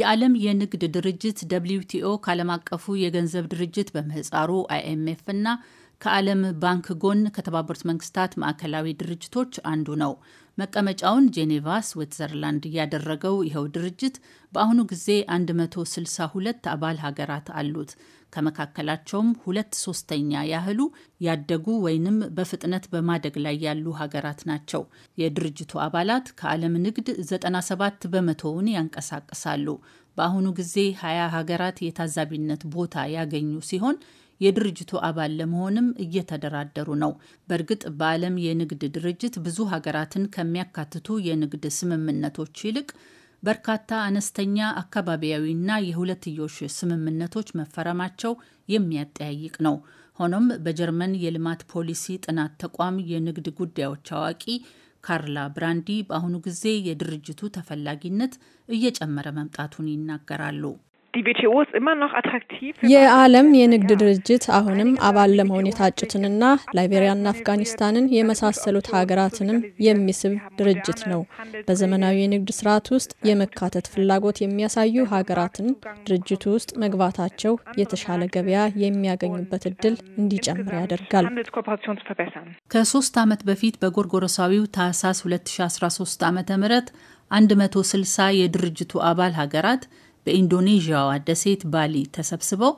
የዓለም የንግድ ድርጅት ደብሊውቲኦ ከዓለም አቀፉ የገንዘብ ድርጅት በምህፃሩ አይኤምኤፍ እና ከዓለም ባንክ ጎን ከተባበሩት መንግስታት ማዕከላዊ ድርጅቶች አንዱ ነው። መቀመጫውን ጄኔቫ ስዊትዘርላንድ ያደረገው ይኸው ድርጅት በአሁኑ ጊዜ 162 አባል ሀገራት አሉት። ከመካከላቸውም ሁለት ሶስተኛ ያህሉ ያደጉ ወይንም በፍጥነት በማደግ ላይ ያሉ ሀገራት ናቸው። የድርጅቱ አባላት ከዓለም ንግድ 97 በመቶውን ያንቀሳቅሳሉ። በአሁኑ ጊዜ 20 ሀገራት የታዛቢነት ቦታ ያገኙ ሲሆን የድርጅቱ አባል ለመሆንም እየተደራደሩ ነው። በእርግጥ በዓለም የንግድ ድርጅት ብዙ ሀገራትን ከሚያካትቱ የንግድ ስምምነቶች ይልቅ በርካታ አነስተኛ አካባቢያዊና የሁለትዮሽ ስምምነቶች መፈረማቸው የሚያጠያይቅ ነው። ሆኖም በጀርመን የልማት ፖሊሲ ጥናት ተቋም የንግድ ጉዳዮች አዋቂ ካርላ ብራንዲ በአሁኑ ጊዜ የድርጅቱ ተፈላጊነት እየጨመረ መምጣቱን ይናገራሉ። የዓለም የንግድ ድርጅት አሁንም አባል ለመሆን የታጩትንና ላይቤሪያና አፍጋኒስታንን የመሳሰሉት ሀገራትንም የሚስብ ድርጅት ነው። በዘመናዊ የንግድ ስርዓት ውስጥ የመካተት ፍላጎት የሚያሳዩ ሀገራትን ድርጅቱ ውስጥ መግባታቸው የተሻለ ገበያ የሚያገኙበት እድል እንዲጨምር ያደርጋል። ከሶስት ዓመት በፊት በጎርጎሮሳዊው ታህሳስ 2013 ዓ ም 160 የድርጅቱ አባል ሀገራት በኢንዶኔዥያዋ ደሴት ባሊ ተሰብስበው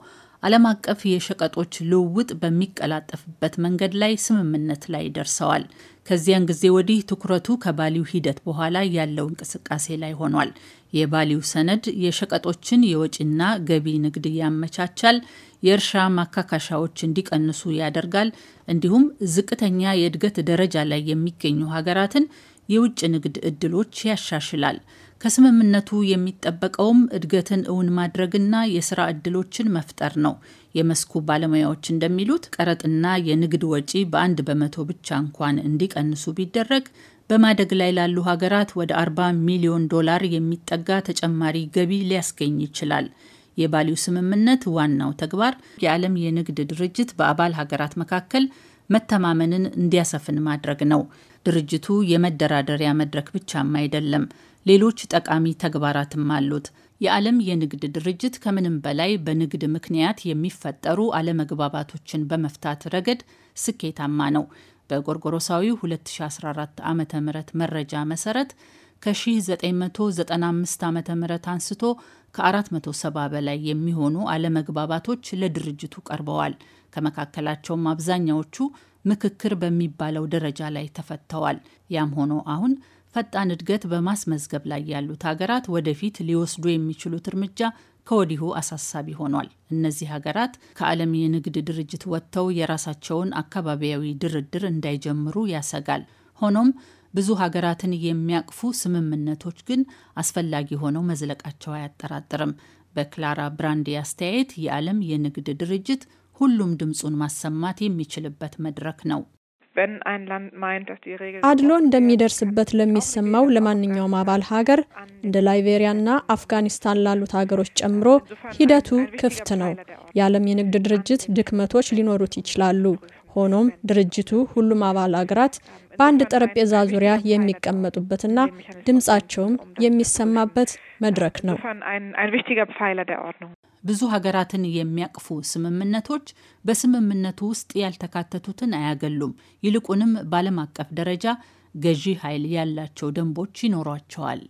ዓለም አቀፍ የሸቀጦች ልውውጥ በሚቀላጠፍበት መንገድ ላይ ስምምነት ላይ ደርሰዋል። ከዚያን ጊዜ ወዲህ ትኩረቱ ከባሊው ሂደት በኋላ ያለው እንቅስቃሴ ላይ ሆኗል። የባሊው ሰነድ የሸቀጦችን የወጪና ገቢ ንግድ ያመቻቻል፣ የእርሻ ማካካሻዎች እንዲቀንሱ ያደርጋል፣ እንዲሁም ዝቅተኛ የእድገት ደረጃ ላይ የሚገኙ ሀገራትን የውጭ ንግድ እድሎች ያሻሽላል። ከስምምነቱ የሚጠበቀውም እድገትን እውን ማድረግና የስራ እድሎችን መፍጠር ነው። የመስኩ ባለሙያዎች እንደሚሉት ቀረጥና የንግድ ወጪ በአንድ በመቶ ብቻ እንኳን እንዲቀንሱ ቢደረግ በማደግ ላይ ላሉ ሀገራት ወደ 40 ሚሊዮን ዶላር የሚጠጋ ተጨማሪ ገቢ ሊያስገኝ ይችላል። የባሊው ስምምነት ዋናው ተግባር የዓለም የንግድ ድርጅት በአባል ሀገራት መካከል መተማመንን እንዲያሰፍን ማድረግ ነው። ድርጅቱ የመደራደሪያ መድረክ ብቻም አይደለም፣ ሌሎች ጠቃሚ ተግባራትም አሉት። የዓለም የንግድ ድርጅት ከምንም በላይ በንግድ ምክንያት የሚፈጠሩ አለመግባባቶችን በመፍታት ረገድ ስኬታማ ነው። በጎርጎሮሳዊ 2014 ዓ ም መረጃ መሰረት ከ1995 ዓ ም አንስቶ ከ470 በላይ የሚሆኑ አለመግባባቶች ለድርጅቱ ቀርበዋል። ከመካከላቸውም አብዛኛዎቹ ምክክር በሚባለው ደረጃ ላይ ተፈተዋል። ያም ሆኖ አሁን ፈጣን እድገት በማስመዝገብ ላይ ያሉት ሀገራት ወደፊት ሊወስዱ የሚችሉት እርምጃ ከወዲሁ አሳሳቢ ሆኗል። እነዚህ ሀገራት ከዓለም የንግድ ድርጅት ወጥተው የራሳቸውን አካባቢያዊ ድርድር እንዳይጀምሩ ያሰጋል። ሆኖም ብዙ ሀገራትን የሚያቅፉ ስምምነቶች ግን አስፈላጊ ሆነው መዝለቃቸው አያጠራጥርም። በክላራ ብራንዲ አስተያየት የዓለም የንግድ ድርጅት ሁሉም ድምፁን ማሰማት የሚችልበት መድረክ ነው። አድሎ እንደሚደርስበት ለሚሰማው ለማንኛውም አባል ሀገር እንደ ላይቤሪያና አፍጋኒስታን ላሉት ሀገሮች ጨምሮ ሂደቱ ክፍት ነው። የዓለም የንግድ ድርጅት ድክመቶች ሊኖሩት ይችላሉ። ሆኖም ድርጅቱ ሁሉም አባል አገራት በአንድ ጠረጴዛ ዙሪያ የሚቀመጡበትና ድምፃቸውም የሚሰማበት መድረክ ነው። ብዙ ሀገራትን የሚያቅፉ ስምምነቶች በስምምነቱ ውስጥ ያልተካተቱትን አያገሉም። ይልቁንም በዓለም አቀፍ ደረጃ ገዢ ኃይል ያላቸው ደንቦች ይኖሯቸዋል።